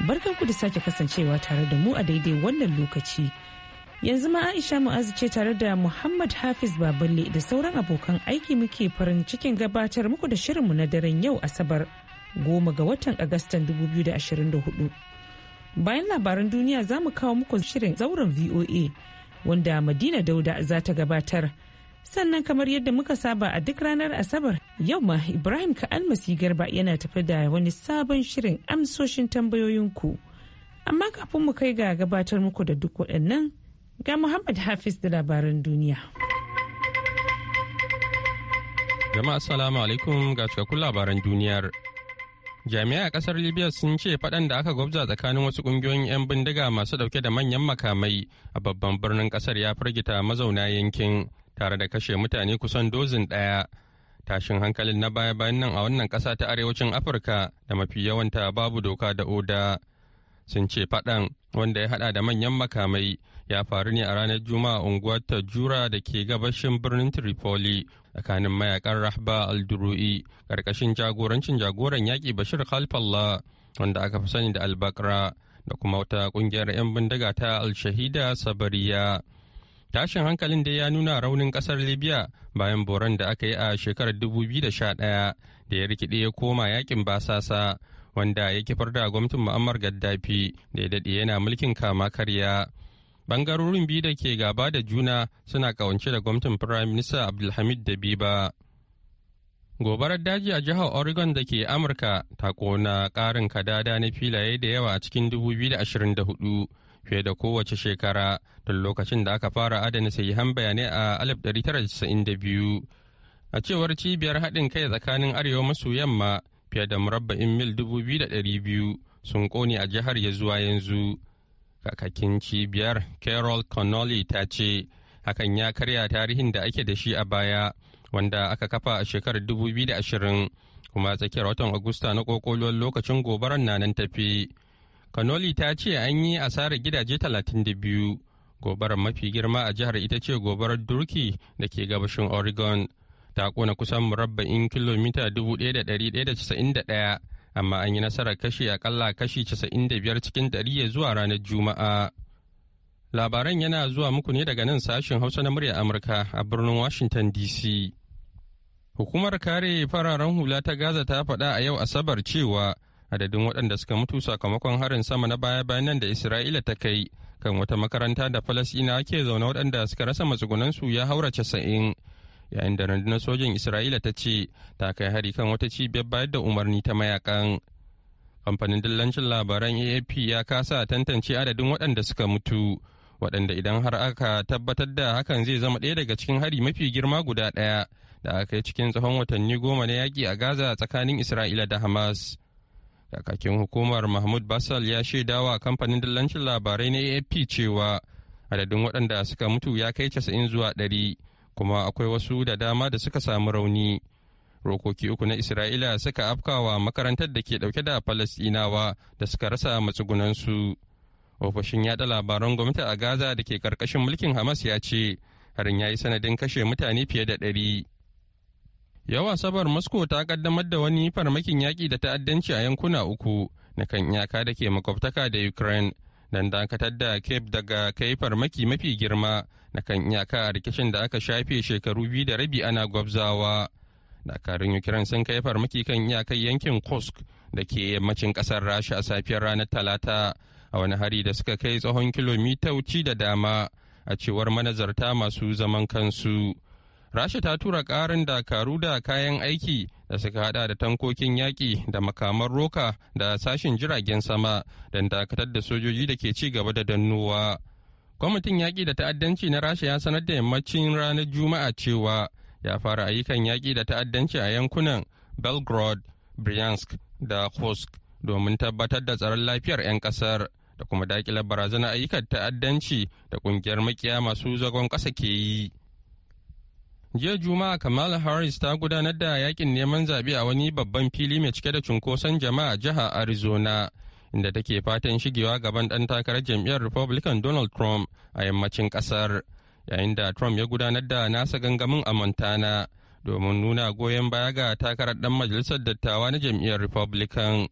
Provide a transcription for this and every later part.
barkanku da sake kasancewa tare da mu a daidai wannan lokaci yanzu ma aisha mu'azu ce tare da muhammad hafiz baballe da sauran abokan aiki muke farin cikin gabatar muku da shirinmu na daren yau asabar goma ga watan agustan 2024 bayan labaran duniya za mu kawo muku shirin zauren voa wanda madina dauda za ta gabatar sannan kamar yadda muka saba a duk ranar asabar yau ma ibrahim ka almasi garba yana tafi da wani sabon shirin amsoshin tambayoyinku amma kafin mu kai ga gabatar muku da duk waɗannan ga muhammad hafiz da labaran duniya jama'a assalamu alaikum ga cikakkun labaran duniyar jami'a a kasar libya sun ce faɗan da aka gwabza tsakanin wasu ƙungiyoyin 'yan bindiga masu ɗauke da manyan makamai a babban birnin ƙasar ya firgita mazauna yankin tare da kashe mutane kusan dozin ɗaya. Tashin hankalin na baya-bayan nan a wannan ƙasa ta arewacin Afirka da mafi yawanta babu doka da oda. Sun ce faɗan wanda ya haɗa da manyan makamai ya faru ne a ranar Juma'a unguwar Jura da ke gabashin birnin Tripoli tsakanin mayakan Rahba al-Duru'i ƙarƙashin jagorancin jagoran yaƙi Bashir Khalfallah wanda aka fi sani da Albakra da kuma wata ƙungiyar 'yan bindiga ta Al-Shahida Sabariya. Tashin hankalin da ya nuna raunin kasar Libya bayan boran da aka yi a shekarar 2011 da ya rikide ya koma yakin basasa wanda ya kifar da gwamnatin Muammar Gaddafi da ya daɗe yana mulkin kama karya. Bangarorin biyu da ke gaba da juna suna kawance da gwamnatin Firayim Minista Abdulhamid da Dabiba. Gobarar daji a jihar Oregon da ke Amurka ta kona ƙarin kadada na filaye da yawa a cikin 2024. fiye da kowace shekara tun lokacin da aka fara adana sahihan bayanai a 1992 a cewar cibiyar haɗin kai tsakanin arewa maso yamma fiye da murabba'in mil 2,200 sun ƙone a jihar ya zuwa yanzu kakakin cibiyar carol connolly ta ce hakan ya karya tarihin da ake da shi a baya wanda aka kafa a shekarar 2020 kuma tsakiyar watan agusta na ƙoƙoluwar lokacin gobarar na nan tafi Kanoli ta ce an yi asarar gidaje 32. Gobarar mafi girma a jihar ita ce gobarar Durki da ke gabashin Oregon. Ta kona kusan murabba'in kilomita 1,191 amma an yi nasarar kashi akalla kashi 95 cikin 100 zuwa ranar Juma'a. Labaran yana zuwa muku ne daga nan sashen Hausa na murya Amurka a birnin Washington DC. Hukumar kare fararen hula ta Gaza ta faɗa a yau Asabar cewa adadin waɗanda suka mutu sakamakon harin sama na baya-bayan nan da isra'ila ta kai kan wata makaranta da falasina ke zaune waɗanda suka rasa matsugunansu ya haura casa'in yayin da rundunar sojin isra'ila ta ce ta kai hari kan wata cibiyar bayar da umarni ta mayakan kamfanin dillancin labaran aap ya kasa tantance adadin waɗanda suka mutu waɗanda idan har aka tabbatar da hakan zai zama ɗaya daga cikin hari mafi girma guda ɗaya da aka yi cikin tsawon watanni goma na yaƙi a gaza tsakanin isra'ila da hamas Kakakin hukumar Mahmud Basal ya shaidawa kamfanin dillancin labarai na AFP cewa adadin waɗanda suka mutu ya kai casa'in zuwa ɗari kuma akwai wasu da dama da suka samu rauni. Rokoki uku na Isra'ila suka afkawa makarantar da ke ɗauke da falastinawa da suka rasa matsugunansu. Ofishin yaɗa labaran gwamnati a Gaza da ke karkashin mulkin Hamas ya ce harin ya yi sanadin kashe mutane fiye da ɗari. Yau Asabar Moscow ta kaddamar da wani farmakin yaƙi da ta'addanci a yankuna uku na kan iyaka da ke makwabtaka da Ukraine don dakatar da Cape daga kai farmaki mafi girma na kan iyaka a rikicin da aka shafe shekaru biyu da rabi ana gwabzawa. Dakarun Ukraine sun kai farmaki kan iyakar yankin Kursk da ke yammacin ƙasar Rasha a safiyar ranar Talata a wani hari da suka kai tsohon kilomita da dama a cewar manazarta masu zaman kansu. rasha ta tura ƙarin dakaru da kayan aiki da suka hada da tankokin yaƙi da makaman roka da sashin jiragen sama don dakatar da sojoji da ke ci gaba da dannowa kwamitin yaƙi da ta'addanci na rasha ya sanar da yammacin ranar juma'a cewa ya fara ayyukan yaƙi da ta'addanci a yankunan belgrade bryansk da kursk domin tabbatar da tsaron lafiyar 'yan ƙasar da kuma daƙilar barazanar ayyukan ta'addanci da ƙungiyar makiya masu zagon ƙasa ke yi Jiya Juma'a Kamala Harris ta gudanar da yakin neman zaɓe a wani babban fili mai cike da cunkoson jama'a jihar Arizona, inda take fatan shigewa gaban ɗan takarar jam'iyyar Republican Donald Trump a yammacin ƙasar, yayin da Trump ya gudanar da nasa gangamin a Montana domin nuna goyon baya ga takarar ɗan majalisar dattawa na jam'iyyar Republican.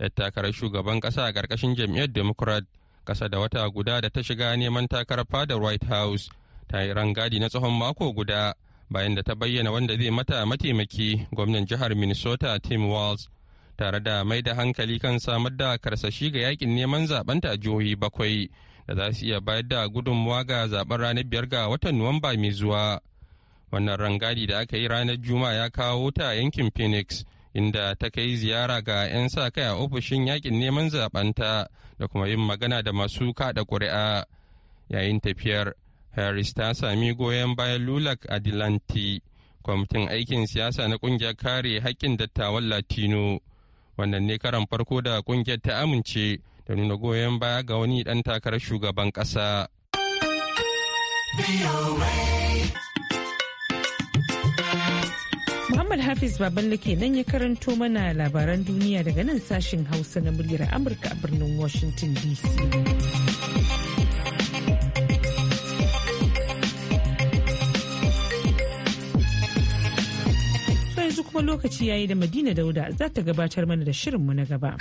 Yar takarar shugaban ƙasa a ƙarƙashin jam'iyyar Democrat, ƙasa da wata guda da ta shiga neman takarar fadar White House ta yi rangadi na tsawon mako guda bayan da ta bayyana wanda zai mata mataimaki gwamnan jihar minnesota tim walz tare da mai da hankali kan samar da karsashi ga yakin neman zaben ta jihohi bakwai da za su iya bayar da gudunmuwa ga zaben ranar biyar ga watan nuwamba mai zuwa wannan rangadi da aka yi ranar juma'a ya kawo ta yankin phoenix inda ta kai ziyara ga 'yan sa kai a ofishin yakin neman ta da kuma yin magana da masu kaɗa ƙuri'a yayin tafiyar harris ta sami goyon bayan lulak adilanti kwamitin aikin siyasa na kungiyar kare haƙƙin dattawan latino wannan ne karan farko da kungiyar ta amince da nuna goyon baya ga wani ɗan takarar shugaban ƙasa. Muhammad Hafiz Baballe nan ya karanto mana labaran duniya daga nan sashen Hausa na muryar Amurka a birnin Washington DC. kuma lokaci yayi da Madina Dauda za ta gabatar mana da shirin mu na gaba.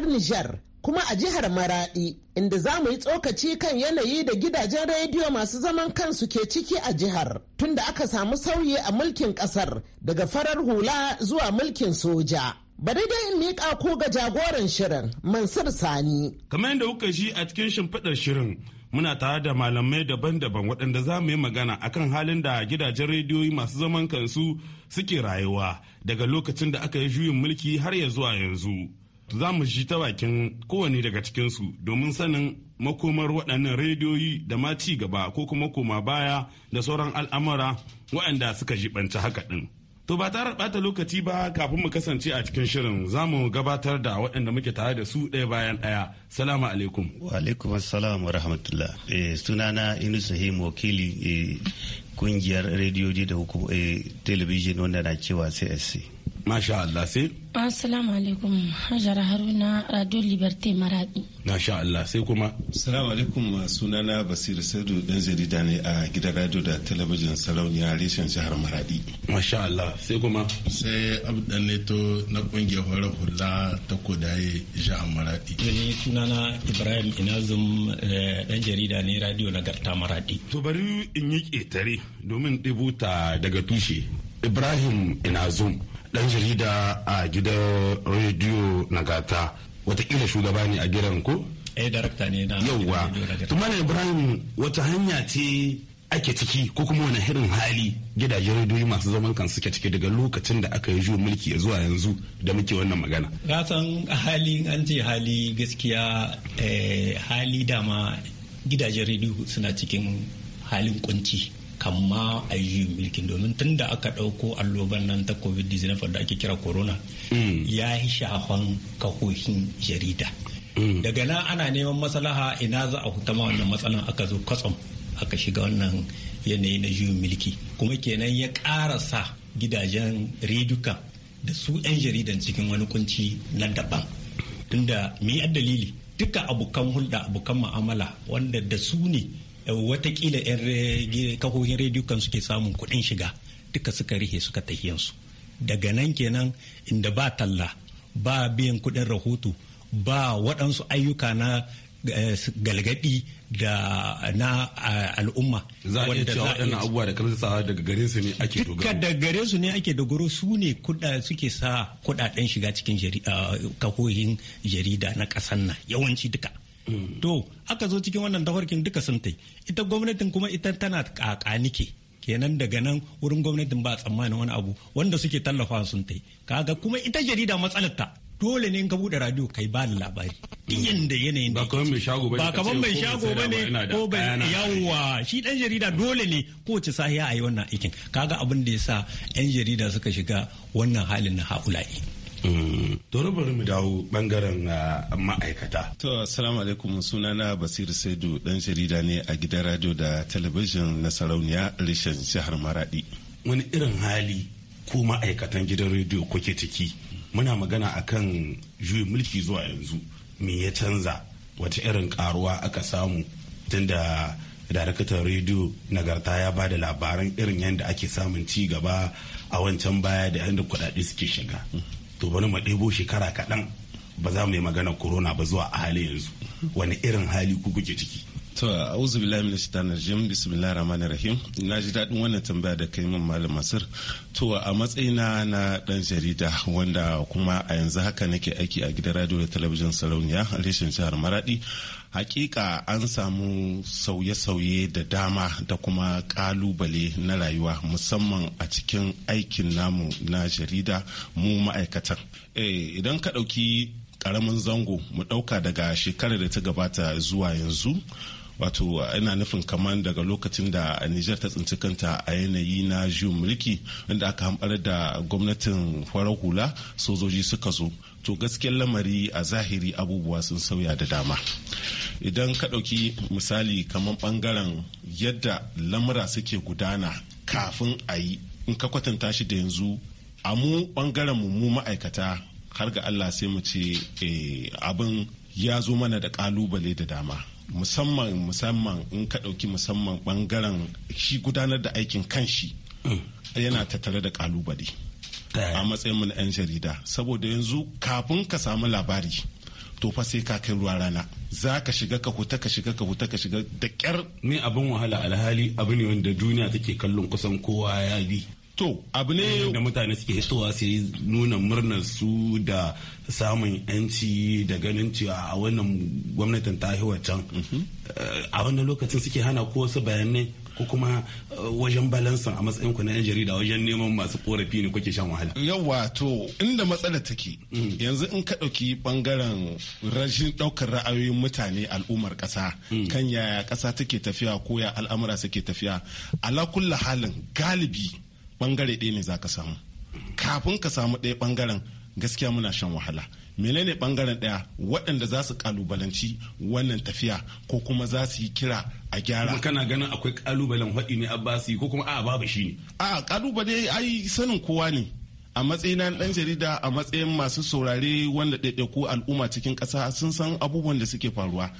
ƙasar Nijar kuma a jihar Maradi inda za mu yi tsokaci kan yanayi da gidajen rediyo masu zaman kansu ke ciki a jihar tunda aka samu sauyi a mulkin ƙasar daga farar hula zuwa mulkin soja. Bari dai in miƙa ku ga jagoran shirin Mansur Sani. Kamar yadda kuka shi a cikin shimfiɗar shirin muna tare da malamai daban-daban waɗanda za mu yi magana akan halin da gidajen rediyoyi masu zaman kansu suke rayuwa daga lokacin da aka yi juyin mulki har ya zuwa yanzu. za mu ji ta bakin kowane daga cikinsu domin sanin makomar waɗannan rediyoyi da ma ci gaba ko kuma koma baya da sauran al'amura waɗanda suka jibanci haka ɗin. To ba tare ɓata lokaci ba kafin mu kasance a cikin shirin za mu gabatar da waɗanda muke tare da su ɗaya bayan ɗaya. Salamu alaikum. Wa alaikum assalam wa rahmatullah. Eh, sunana Inusa Him wakili kungiyar eh, rediyoji da eh, telebijin wanda na cewa CSC. Masha Allah sai. Assalamu alaikum Hajar Haruna Radio Liberté Maradi. Masha Allah sai kuma. Assalamu alaikum sunana Basiru Sadu dan jarida ne a gidan radio da talabijin sarauniya reshen jihar Maradi. Masha Allah sai kuma. Sai Abdan Neto na kungiyar horar hula ta kodaye jihar Maradi. Ni sunana Ibrahim Inazum dan eh, jarida ne radio nagarta Maradi. To bari in yi ƙetare domin ɗibuta daga tushe. Ibrahim Inazum dan jarida a gidan rediyo nagata watakila shugaba ne a gidan ko eh darakta ne na yauwa tumana ibrahim wata hanya ce ake ciki ko kuma wani hirin hali gidajen rediyo masu zaman kan suke ciki daga lokacin da aka yi juyo mulki zuwa yanzu da muke wannan magana kasan hali an ce hali gaskiya eh, hali dama gidajen rediyo suna cikin halin kunci kamma a yi mulkin domin tun da aka ɗauko alloban nan ta covid-19 da ake kira corona mm. ya yi shafan kahohin jarida mm. daga nan ana neman maslaha ina za a hutama wannan matsalan aka zo kwatsam aka shiga wannan yanayi na juyin mulki kuma kenan ya ƙarasa gidajen reduka da su 'yan jaridan cikin wani kunci na daban tunda me dalili duka abokan hulɗa abokan ma'amala wanda da su ne watakila 'yan kafofin rediyo kan suke samun kuɗin shiga duka suka rihe suka tahiyansu daga nan kenan inda ba talla ba biyan kuɗin rahoto ba waɗansu ayyuka na eh, galgadi da na eh, al'umma wanda za a abubuwa da kalmar daga gare su ne ake dogaro duka da gare su ne ake dogaro su ne kuda suke sa kudaden shiga cikin eh, kahohin jarida na kasan na yawanci duka Mm. to aka zo cikin wannan dafarkin duka sun tai ita gwamnatin kuma ita tana kakanike kenan daga nan wurin gwamnatin ba tsammanin wani abu wanda suke tallafawa sun tai kaga kuma ita jarida matsalar dole ne in ka bude radio kai ba labari duk mm. yanda yanayin da ba mai shago ba kaman mai shago ba ne ko bai yawa shi dan jarida dole ne kowace sahiya a yi wannan aikin kaga abin da yasa yan jarida suka shiga wannan halin na haula'i Mm. Toro bari mu dawo bangaren ah, ma'aikata. To, Assalamu alaikum sunana basir Saidu dan jarida ne a gidan radio da talabijin na sarauniya reshen jihar Maradi. Wani irin hali ko ma'aikatan gidan rediyo kuke ciki? Muna magana akan juyin mulki zuwa yanzu. Me ya canza? Wata irin karuwa aka samu tunda darakatan rediyo nagarta ya ba da labaran irin yadda ake samun ci gaba a wancan baya da yadda kudade suke shiga. to bari mu ɗebo shekara kaɗan ba za mu yi magana corona ba zuwa a hali yanzu wani irin hali ku kuke ciki to auzu billahi min shaitan rajim bismillahir rahmanir rahim na ji daɗin wannan tambaya da kai min malam masir to a matsayina na dan jarida wanda kuma a yanzu haka nake aiki a gidan radio da talabijin sarauniya reshen jihar maradi hakika an samu sauye-sauye da dama da kuma kalubale na rayuwa musamman a cikin aikin namu na jarida mu ma'aikatan eh, idan ka ɗauki ƙaramin zango mu ɗauka daga shekarar da ta gabata zuwa yanzu wato ina nufin kamar daga lokacin da niger ta tsinci kanta a yanayi na juyin mulki inda aka hamɓar da gwamnatin farar hula sojoji suka zo to gaskiyar lamari a zahiri abubuwa sun sauya da dama idan ka ɗauki misali kamar ɓangaren yadda lamura suke gudana kafin a yi in ka kwatanta shi da yanzu a mu ɓangaren mu ma'aikata har ga allah sai mu ce eh, abin ya zo mana da ƙalubale da dama musamman musamman in ka ɗauki musamman ɓangaren shi gudanar da aikin kanshi mm. yana tattare da kalubale a matsayin na 'yan jarida saboda yanzu kafin ka samu labari to fa sai ka kai ruwa rana za ka shiga ka huta ka shiga ka huta ka shiga da kyar. ni abin wahala alhali abu ne wanda duniya take kallon kusan kowa ya bi To abu ne da mutane suke hitowa su yi nuna murnar su da samun yanci da ganin cewa a wannan gwamnatin ta can. Mhm. Eh, a wannan lokacin suke hana ko wasu bayanai ko kuma eh, wajen balansan a matsayin ku na yan jarida wajen neman masu korafi ne kuke shan wahala. Yawwa to inda matsalar take mm. yanzu in ka ɗauki bangaren rashin ɗaukar ra'ayoyin mutane al'ummar ƙasa mm. kan yaya ƙasa take tafiya ko ya al'amura suke tafiya ala kulla halin galibi bangare ɗaya ne za ka samu kafin ka samu ɗaya bangaren gaskiya muna shan wahala menene bangaren ɗaya waɗanda za su kalubalanci wannan tafiya ko kuma za su yi kira a gyara kuma kana ganin akwai kalubalen haɗi ne abbasi ko kuma a babu shi ne a kalubale ai sanin kowa ne a matsayin ɗan jarida a matsayin masu saurare wanda ɗaiɗaiku al'umma cikin ƙasa sun san abubuwan da suke faruwa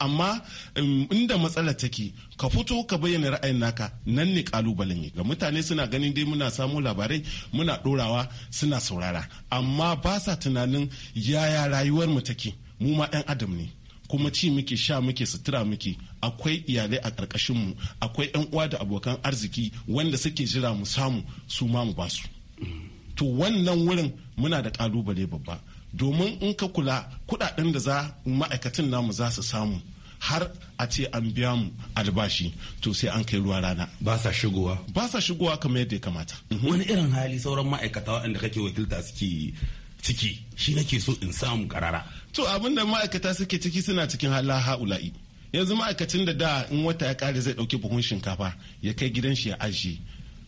amma um, inda matsalar take ka fito ka bayyana ra'ayin naka nan ne kalubalen ne ga mutane suna ganin dai muna samu labarai muna ɗorawa suna saurara amma ba sa tunanin yaya rayuwar mu take mu ma 'yan adam ne kuma ci muke sha muke sutura muke akwai iyalai a ƙarƙashin mu akwai 'yan uwa da abokan arziki wanda suke jira mu samu su ma mu basu. Mm. to wannan wurin muna da kalubale babba domin in ka kula kudaden da za ma'aikatan namu za su samu har a ce an biya mu albashi to sai an kai ruwa rana ba sa shigowa ba sa shigowa kamar yadda ya kamata mhm. wani irin hali sauran ma'aikata waɗanda kake wakilta suke ciki shi nake so in samu karara to abin da ma'aikata suke ciki suna cikin hala ha'ula'i yanzu ma'aikacin da da in wata ya kare zai dauki buhun shinkafa ya kai gidan shi ya ajiye.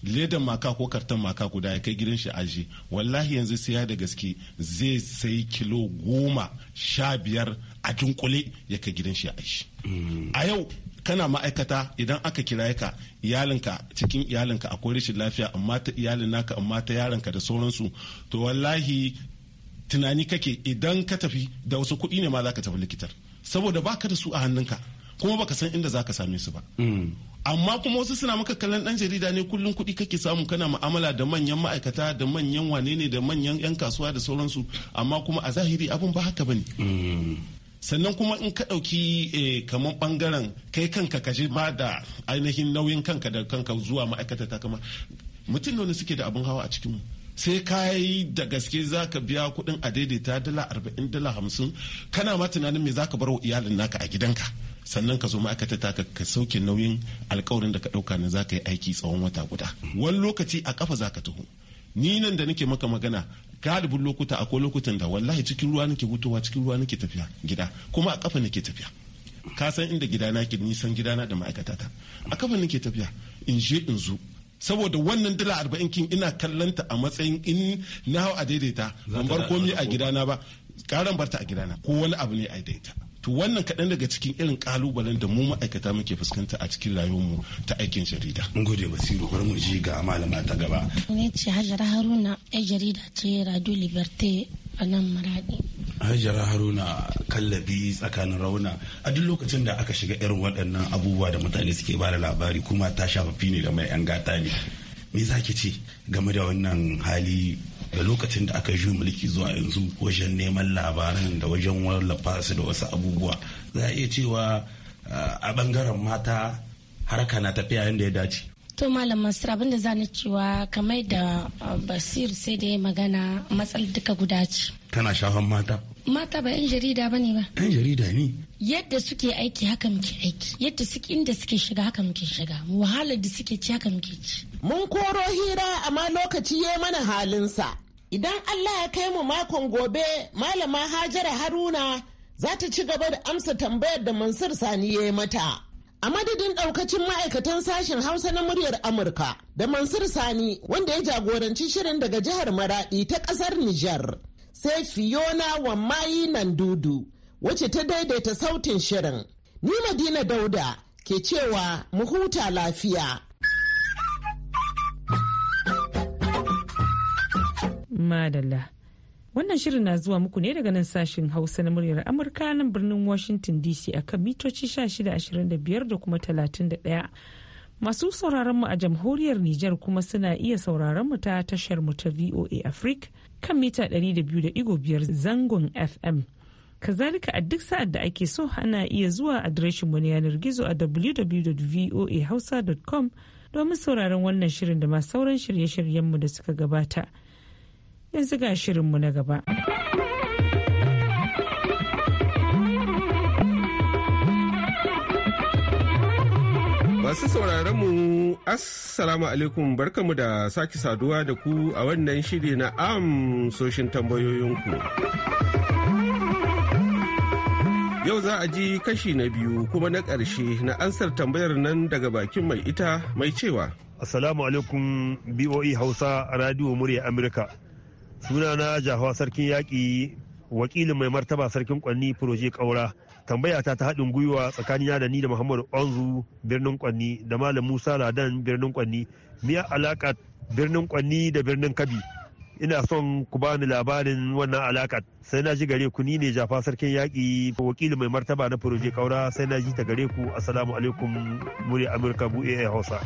ledan maka ko kartan maka guda ya kai gidan shi aji wallahi yanzu siya da gaske zai sai kilo goma sha biyar a dunkule ya kai gidan shi aji a yau kana ma'aikata idan aka kira ka iyalinka cikin iyalinka akwai rashin lafiya amma ta iyalin naka amma ta yaranka da sauransu to wallahi tunani kake idan ka tafi da wasu kuɗi ne ma za ka tafi likitar saboda baka da su a hannunka kuma baka san inda za ka same su ba mm. amma kuma wasu suna maka kallon dan jarida ne kullum kuɗi kake samu kana mu'amala da manyan ma'aikata da manyan wane ne da manyan 'yan kasuwa da sauransu amma kuma a zahiri abin ba haka bane sannan kuma in ka ɗauki eh, kamar bangaren kai kanka ka je ba da ainihin nauyin kanka da kanka zuwa ma'aikata ta kama mutum ne suke da abin hawa a cikinmu sai ka yi da gaske za ka biya kuɗin a daidaita dala arba'in dala hamsin kana ma tunanin me za ka bar wa iyalin naka a gidanka sannan ka zo ma'aikata ta ka sauke nauyin alkawarin da ka ɗauka na zaka yi aiki tsawon wata guda wani lokaci a kafa zaka ka taho ni nan da nake maka magana galibin lokuta akwai lokutan da wallahi cikin ruwa nake hutowa cikin ruwa nake tafiya gida kuma a kafa nake tafiya ka san inda gidana ke nisan gidana da ma'aikata ta a kafa nake tafiya in je in zo saboda wannan dala arba'in kin ina kallanta a matsayin in na hau a daidaita ban bar komi a gidana ba karan barta a gidana ko wani abu ne a daidaita to wannan kaɗan daga cikin irin ƙalubalen da mu ma'aikata muke fuskanta a cikin rayuwarmu ta aikin jarida in gode basiru bari mu ji ga malama ta gaba ni ce hajara haruna ai jarida ce radio liberté a nan maradi hajara haruna kallabi tsakanin rauna a duk lokacin da aka shiga irin waɗannan abubuwa da mutane suke ba da labari kuma ta shafafi ne da mai 'yan gata ne me za ki ce game da wannan hali da lokacin da aka yi mulki zuwa yanzu wajen neman labaran da wajen wallafa su da wasu abubuwa za a iya cewa a bangaren mata haraka na tafiya yadda ya dace to malam masar abin da zani cewa kamar da basir sai da ya magana matsal duka guda ce tana shafan mata mata ba 'yan jarida ba ne ba 'yan jarida ne yadda suke aiki haka muke aiki yadda suke inda suke shiga haka muke shiga wahalar da suke ci haka muke ci mun koro hira amma lokaci ya mana halinsa Idan Allah ya kai mu makon gobe, Malama Hajara Haruna za ta ci gaba da amsa tambayar da Mansur Sani ya yi mata. A madadin ɗaukacin ma'aikatan sashen Hausa na muryar Amurka da Mansur Sani wanda ya jagoranci shirin daga jihar Maraɗi ta ƙasar Nijar. Sai Fiona Wammayi Nandudu wacce ta daidaita sautin shirin. Ni Madina Dauda ke cewa mu huta lafiya. Madalla. Wannan shirin na zuwa muku ne daga nan sashen Hausa na muryar Amurka nan birnin Washington DC a kan mitoci 1625 da kuma 31. Masu sauraron mu a jamhuriyar Nijar kuma suna iya sauraron mu ta tashar mu ta VOA Africa kan mita 200.5 zangon FM. Kazalika a duk sa'ad da ake so ana iya zuwa adireshin mu na yanar gizo a www.voahausa.com domin sauraron wannan shirin da ma sauran shirye-shiryenmu da suka gabata. yanzu ga shirinmu na gaba. Masu sauraron mu Assalamu alaikum barkamu da sake saduwa da ku a wannan shiri na amsoshin tambayoyinku. Yau za a ji kashi na biyu kuma na ƙarshe na ansar tambayar nan daga bakin mai ita mai cewa. Assalamu alaikum BOE Hausa Radio Murya Amurka. sunana jahawa sarkin yaƙi wakilin mai martaba sarkin kwanni proje kaura tambaya ta ta haɗin gwiwa tsakanina da ni da muhammadu onzu birnin kwanni da malam musa ladan birnin kwanni miya alaƙa birnin kwanni da birnin kabi ina son ku bani labarin wannan alaƙa sai na ji gare ku ni ne jafa sarkin yaƙi wakilin mai martaba na proje kaura sai na ji ta gare ku assalamu alaikum muri amurka bu'e hausa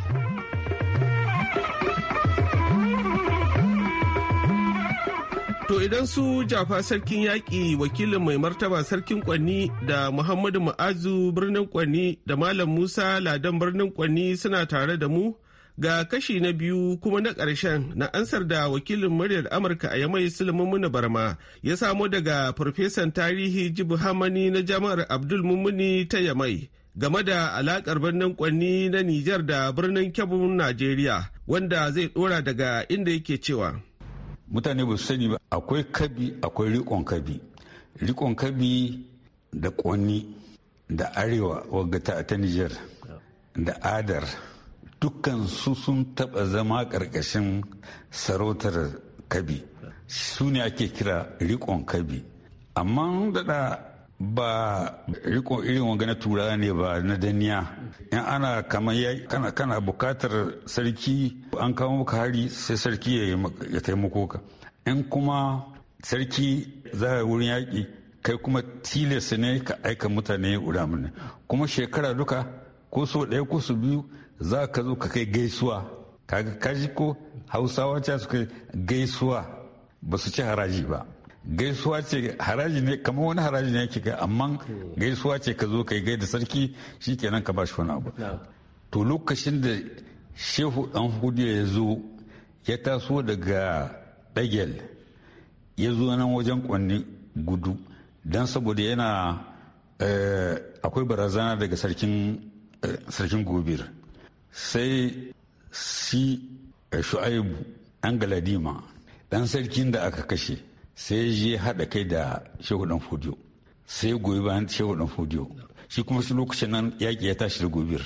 To idan su jafa sarkin yaƙi wakilin mai martaba sarkin kwanni da Muhammadu Ma'azu birnin kwanni da Malam Musa Ladan birnin kwanni suna tare da mu ga kashi na biyu kuma na ƙarshen na ansar da wakilin muryar Amurka a yamai Sulmumuna Barma ya samo daga farfesan tarihi Jibu Hamani na jami'ar Abdul Mumuni ta yamai. game da alakar birnin kwanni na Nijar da birnin Kebbi Najeriya wanda zai dora daga inda yake cewa. mutane ba su sani ba akwai kabi akwai rikon kabi rikon kabi da kwanni da arewa wagata ta niger da adar dukkan su sun taba zama karkashin sarautar kabi su ne ake kira rikon kabi amma daɗa ba riko irin wanga na tura ne ba na daniya. in ana kama kana, bukatar sarki an kawo maka hari sai sarki ya taimako ka in kuma sarki za a wurin yaƙi kai kuma tilasta ne ka aika mutane uramin kuma shekara duka ko so ɗaya ko su biyu za ka zo ka kai gaisuwa kaga kaji ko hausawa ce su kai gaisuwa ba su ci haraji ba gaisuwa ce haraji ne kamar wani haraji ne yake kai amma gaisuwa ce ka zo kai gaida sarki shikenan ka ba shi wani abu to lokacin da shehu dan hudiya ya zo ya taso daga dagel ya zo nan wajen kwanni gudu don saboda yana eh, akwai barazana daga sarkin eh, gobir sai si eh, shu'aibu dan galadima dan sarkin da aka kashe sai ya haɗa kai da shehu dan fudiyo sai goyi bayan shehu dan fudiyo shi kuma su lokacin nan yaƙi ya tashi da gobir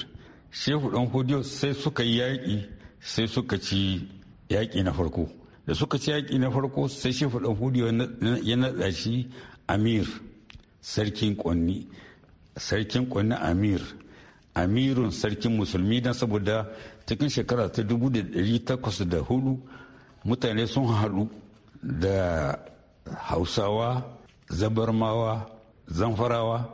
shehu dan fudiyo sai suka yi yaƙi sai suka ci yaƙi na farko da suka ci yaƙi na farko sai shehu dan fudiyo ya naɗa shi amir sarkin ƙonni sarkin ƙonni amir amirun sarkin musulmi don saboda cikin shekara ta hudu mutane sun haɗu da hausawa zabarmawa zamfarawa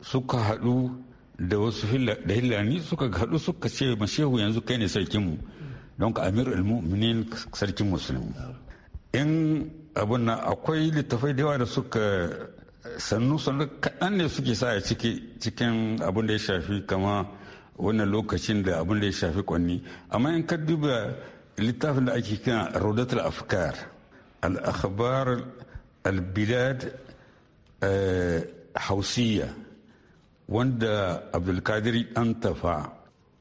suka haɗu da wasu da hillani suka haɗu suka ce mashehu yanzu kai ne sarkinmu don ka amir al sarkin musulmi in abin na akwai littafai da yawa da suka sannu sannu kaɗan ne suke sa a cikin abin da ya shafi kama wannan lokacin da abin da ya shafi kwanni amma in ka duba littafin da ake kira rodatul afkar al albilad hausiyya wanda abdulkadir antafa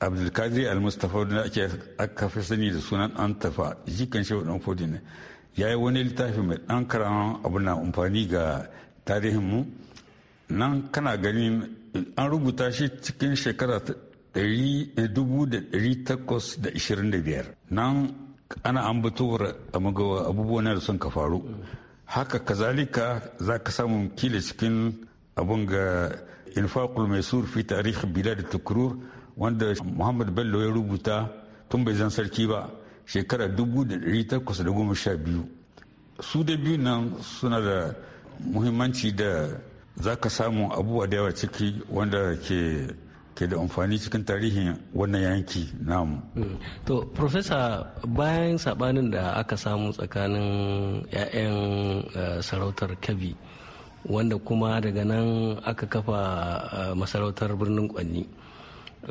abdulkadir almustafa da ake aka fi da sunan antafa jikan shehu dan fodi ne ya wani littafi mai dan karaman abu na amfani ga tarihinmu nan kana ganin an rubuta shi cikin shekara 1825 nan ana ambatowar abubuwan da sun ka faru haka kazalika za ka samu kila cikin abun ga infaqul mai fi tarih da tukurur wanda muhammad bello ya rubuta tun bai zan sarki ba shekara 1812 su da biyu nan suna da muhimmanci da za ka samu abubuwa da yawa ciki wanda ke ke da amfani cikin tarihin wannan yanki namu. Mm. To, Profesa bayan sabanin da aka samu tsakanin 'ya'yan eh, sarautar Kebbi wanda kuma daga nan aka kafa eh, masarautar birnin Kwanni.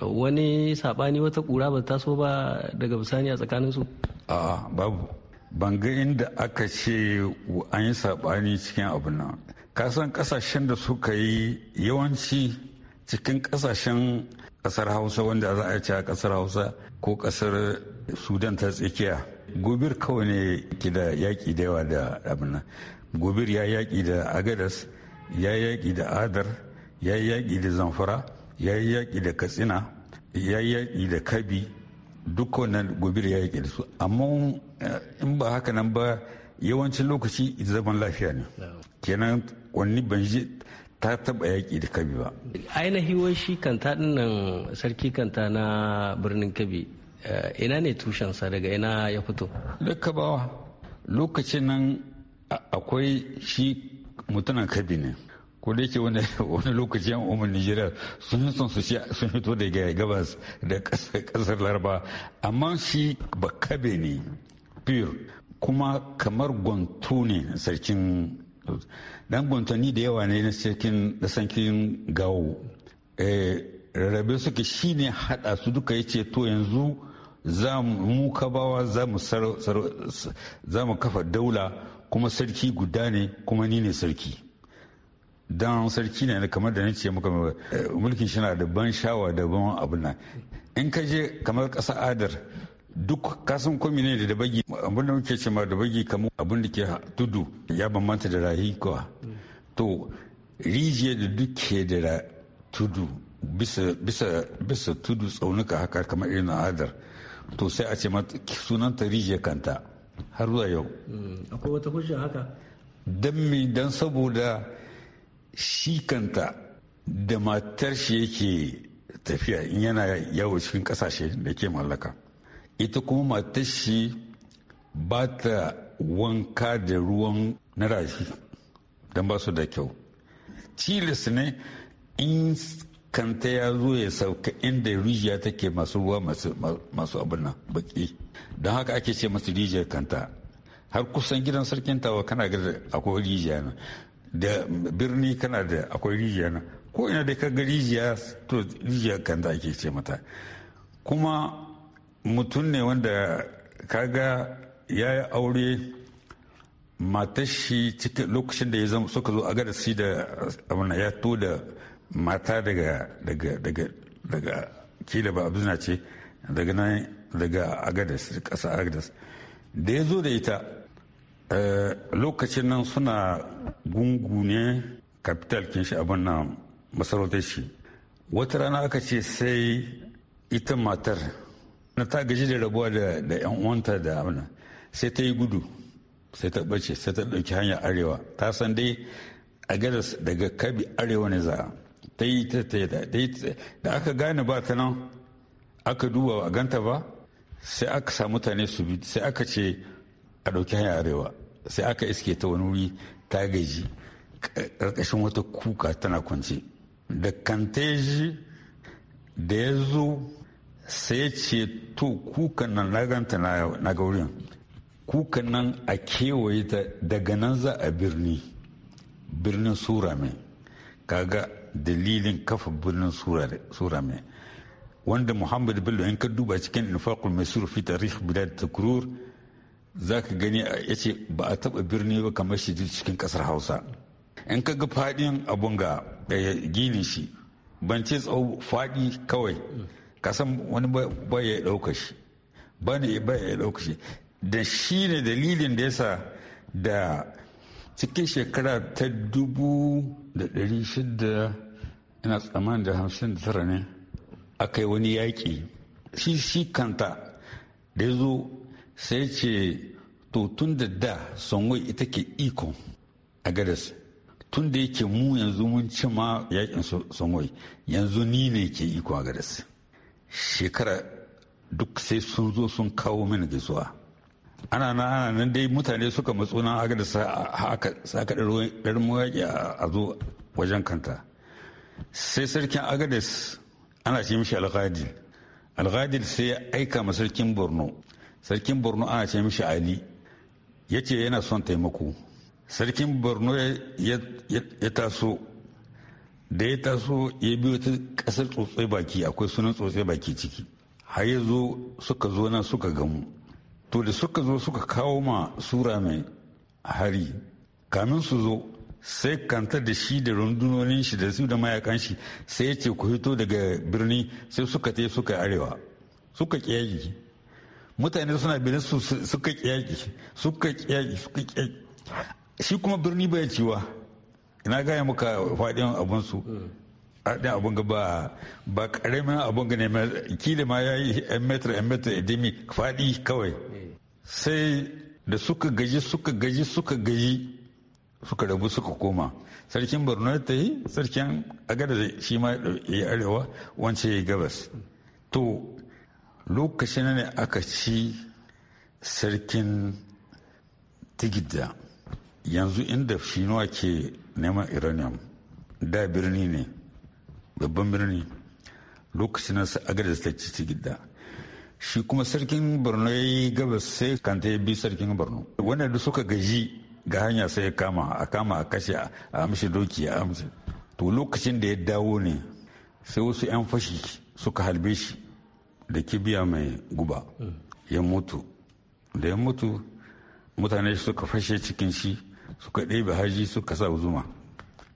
Wani sabani wata kura ba taso ba daga bisani a tsakanin su. A'a, babu. banga inda aka ce an yi sabani cikin abin nan. Kasan kasashen da suka yi yawanci cikin kasashen kasar hausa wanda za a ce a kasar hausa ko kasar sudan ta tsakiya gobir kawai ne ke da yaƙi da yawa da abin gobir ya yaƙi da agadas ya yaƙi da adar ya yaƙi da zamfara ya yaƙi da katsina ya yaƙi da kabi duk wannan gobir ya yaƙi da su amma eh, in ba haka nan ba yawancin lokaci zaman lafiya ne kenan wani banji ta taba yaƙi da kabi ba ainihi wai shi kanta dinnan sarki kanta na birnin kabi eh, ina ne tushensa daga ina ya fito duka bawa lokacin nan akwai shi mutunan kabi ne ko da yake wani lokaci yan umar nigeria sun yi son su sun fito daga gabas da kasar laraba amma shi ba kabe ne pure kuma kamar gwantu ne sarkin dan guntani da yawa ne na sarkin da sankin gawo eh, rarrabe suke shine hada su duka yace to yanzu za mu kabawa za mu kafa daula kuma sarki guda ne kuma ni ne sarki don sarki ne kamar da nace muka eh, mulkin shi na ban shawa ban abin nan in ka je kamar ƙasa adar duk kasan komi ne da dabagi abinda muke cewa dabagi kamar abin da ke tudu ya bambanta da rahi kuwa to rijiya da duk ke da tudu bisa tudu tsaunuka haka kamar irin adar to sai a ce sunanta rijiya kanta har zuwa yau mm, akwai wata hujja haka don me don saboda shi kanta da matar shi yake tafiya in yana yawo cikin kasashe da ke mallaka ita kuma matar shi ba ta wanka da ruwan na rashi don ba su da kyau cilis ne in kanta ya zo ya sauka inda rijiya take masu ruwa masu abin baki don haka ake ce masu rijiyar kanta har kusan gidan sarkin tawa kana ga akwai rijiya na da birni kana da akwai rijiya na ko ina da ka ga rijiya to rijiyar kanta ake ce mata kuma mutum ne wanda kaga ya yi aure matashi cikin lokacin da ya suka zo a gada shi da abuna ya to da mata daga daga daga daga kila ba abuzina ce daga nan daga agadas kasa agadas da ya zo da ita eh, lokacin nan suna gungu ne kapital kin shi abin nan masarautar shi wata rana aka ce sai ita matar na ta gaji da rabuwa da yan uwanta da amna sai ta yi gudu sai ta bace sai ta ɗauki hanyar arewa ta san dai a gadas daga kabi arewa ne za ta yi ta da aka gane ba ta nan aka duba a ganta ba sai aka sa mutane su bi sai aka ce a ɗauki hanyar arewa sai aka iske ta wani wuri ta gaji karkashin wata kuka tana kwance da kanteji da ya zo sai ya ce to kukan nan na ganta na ga wurin kukan nan a kewaye ta daga nan za a birni birnin sura mai kaga dalilin kafa birnin sura surame wanda muhammad bello in ka duba cikin infaqul masur fi tarikh bilad takrur za ka gani ya ce ba a taba birni ba kamar shi cikin kasar hausa in ka ga fadin abun ga eh, ginin shi ban ce tsawo fadi kawai kasan wani bai ya ɗauka shi bani bai ya ɗauka shi da shi ne dalilin da yasa da cikin shekara ta dubu da ɗari shida ina tsammanin da hamsin da tara ne aka yi wani yaƙi shi shi kanta da ya zo sai ce to tun da da sonwai ita ke ikon a gadas tun da yake mu yanzu mun ci ma yaƙin sonwai yanzu ni ne ke iko a gadas shekara duk sai sun zo sun kawo mini gaisuwa ana nan ana nan dai mutane suka matso nan haka da saka ɗan mawaƙi a zo wajen kanta sai sarkin agades ana ce mishi alghadil alghadil sai ya aika ma sarkin borno sarkin borno ana ce mishi ali ya ce yana son taimako sarkin borno ya taso da ya taso ya biyo ta kasar tsotsai baki akwai sunan tsotsai baki ciki har ya zo suka zo nan suka gamu to da suka zo suka kawo ma sura mai hari kamin su zo sai kanta da shi da rundunonin shi da su da mayakan shi sai ya ce ku hito daga birni sai suka te suka arewa suka kiyaki mutane suna su suka kiyaki suka kiyaki suka kiyaki shi kuma birni bai ciwa ina gaya muka faɗin abinsu haɗin hmm. abin ga ba ba ƙaramin abin ga ne kila ma ya yi yan metar yan metar edemi faɗi kawai hmm. sai da suka gaji suka gaji suka gaji suka rabu suka koma sarkin borno ta yi sarkin agada shi ma ya arewa wance ya gabas to lokacin ne aka ci sarkin tigida yanzu inda shinuwa ke neman uranium da birni ne babban birni lokacin sa agadis ta ci gida shi kuma sarkin borno ya yi gabas sai kanta ya bi sarkin borno wanda da suka gaji ga hanya sai ya kama a kama a kashe a amshi doki a amshi to lokacin da ya dawo ne sai wasu 'yan fashi suka halbe shi da kibiya mai guba ya mutu da ya mutu mutane suka fashe cikin shi suka ɗebe haji suka sa zuma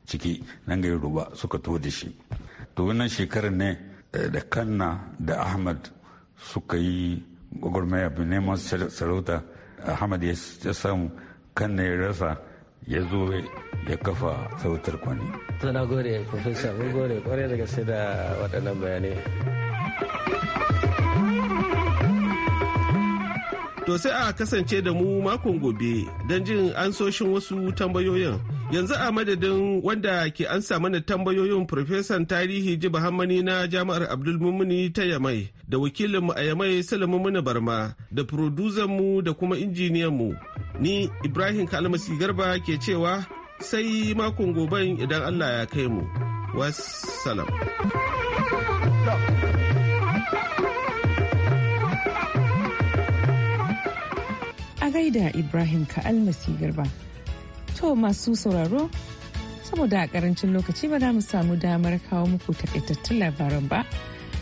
ciki nan gari ruba suka to da shi to wannan shekarar ne eh, da kanna da ahmad suka yi gwagwarmaya neman sarauta ahmad ya samu kanna ya rasa ya zo ya kafa sautar kwani. Tana gode, Profesa, mun gode kwarai da gaske da waɗannan bayanai. To sai a kasance da mu makon gobe don jin ansoshin wasu tambayoyin. Yanzu a madadin wanda ke ansa mana tambayoyin Profesan Tarihi Jiba Hammani na Jami'ar abdulmumini ta Yamai da wakilinmu a Yamai Salamumuni Barma da mu da kuma injiniyanmu. Ni Ibrahim Kalmasi Garba ke cewa sai makon goben idan Allah ya kai mu. Wassalam. a gaida Ibrahim Ka'almasi Garba. To masu sauraro, saboda a karancin lokaci ba za mu samu damar kawo muku takaitattun labaran ba,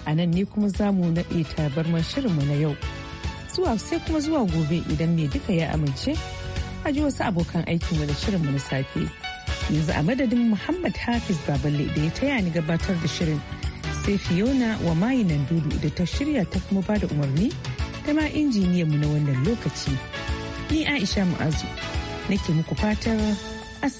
a nan ne kuma za mu naɗe tabarmar mu na yau. Zuwa sai kuma zuwa gobe idan mai duka ya amince, a ji wasu abokan aikinmu da shirinmu na safe. Yanzu a madadin Muhammad Hafiz Baballe da ya taya ni gabatar da shirin sai Fiona wa mayinan dudu da ta shirya ta kuma ba da umarni. ta ma mu na wannan lokaci. ni aisha mu'azu nake muku fatar